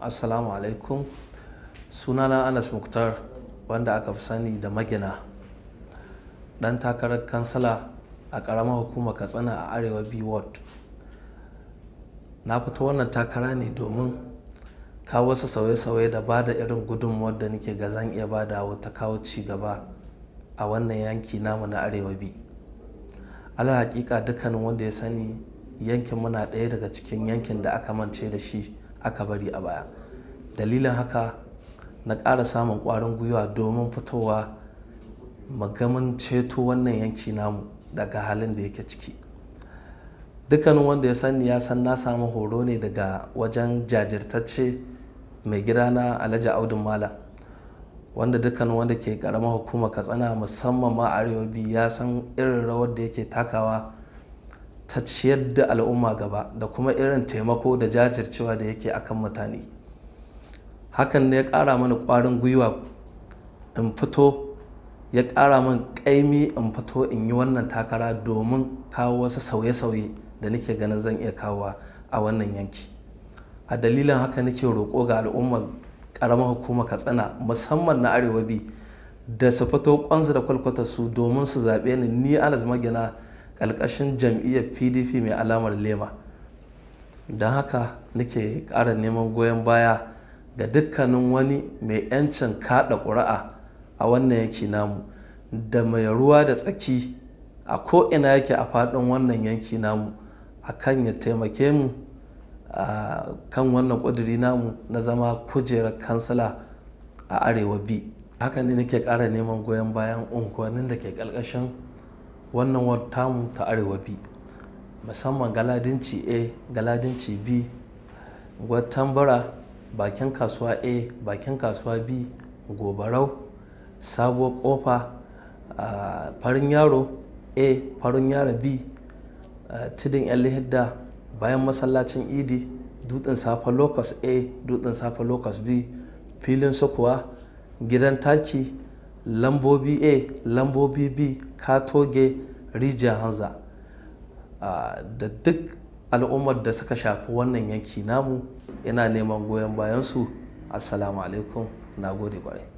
assalamu alaikum sunana anas muktar wanda aka fi sani da magina ɗan takarar kansala a ƙaramar hukumar katsina a arewa b ward na fito wannan takara ne domin kawo wasu sauye-sauye da ba da irin gudunmuwar da nake ga zan iya ba da ta kawo ci gaba a wannan yanki namu na arewa bi ala hakika dukkanin wanda ya sani yankin muna ɗaya daga cikin yankin da aka mance da shi aka bari a baya dalilin haka na ƙara samun ƙwarin gwiwa domin fitowa magamin ceto wannan yanki namu daga halin da yake ciki dukkanin wanda ya sani ya san na samu horo ne daga wajen jajirtacce mai gida na alhaji Audu mala wanda dukkanin wanda ke karamar hukumar katsina musamman ma arewa ya san irin rawar da yake takawa ta ciyar da al'umma gaba da kuma irin taimako da jajircewa da yake akan mutane hakan ne ya ƙara mana ƙwarin gwiwa in fito ya ƙara mana kaimi in fito in yi wannan takara domin kawo wasu sauye-sauye da nake ganin zan iya kawo a wannan yanki a dalilin haka nake roƙo ga al'ummar ƙaramar hukumar katsina musamman na arewa bi da su fito kwansu da kwalkwata su domin su zaɓe ni ni alas magina ƙarƙashin jam'iyyar pdp mai alamar lema don haka nake ƙara neman goyon baya ga dukkanin wani mai 'yancin kaɗa ƙuri'a a wannan yanki namu da mai ruwa da tsaki a ko'ina yake a faɗin wannan yanki namu a kan ya taimake mu a kan wannan ƙuduri namu na zama kujerar kansila a arewa bi haka ne nake ƙara neman goyon bayan unguwannin da ke ƙarƙashin wannan tamu ta arewa bi musamman galadinci a galadinci b tambara bakin kasuwa a bakin kasuwa b gobarau sabuwar kofa farin yaro a farin yaro b tidin yan bayan masallacin idi dutsen safa locus a dutsen safa locus b filin sokowa gidan taki lambobi a lambobi b ka toge rijiyar hanza da duk al'ummar da suka shafi wannan yanki namu yana neman goyon bayansu assalamu alaikum na gode kwarai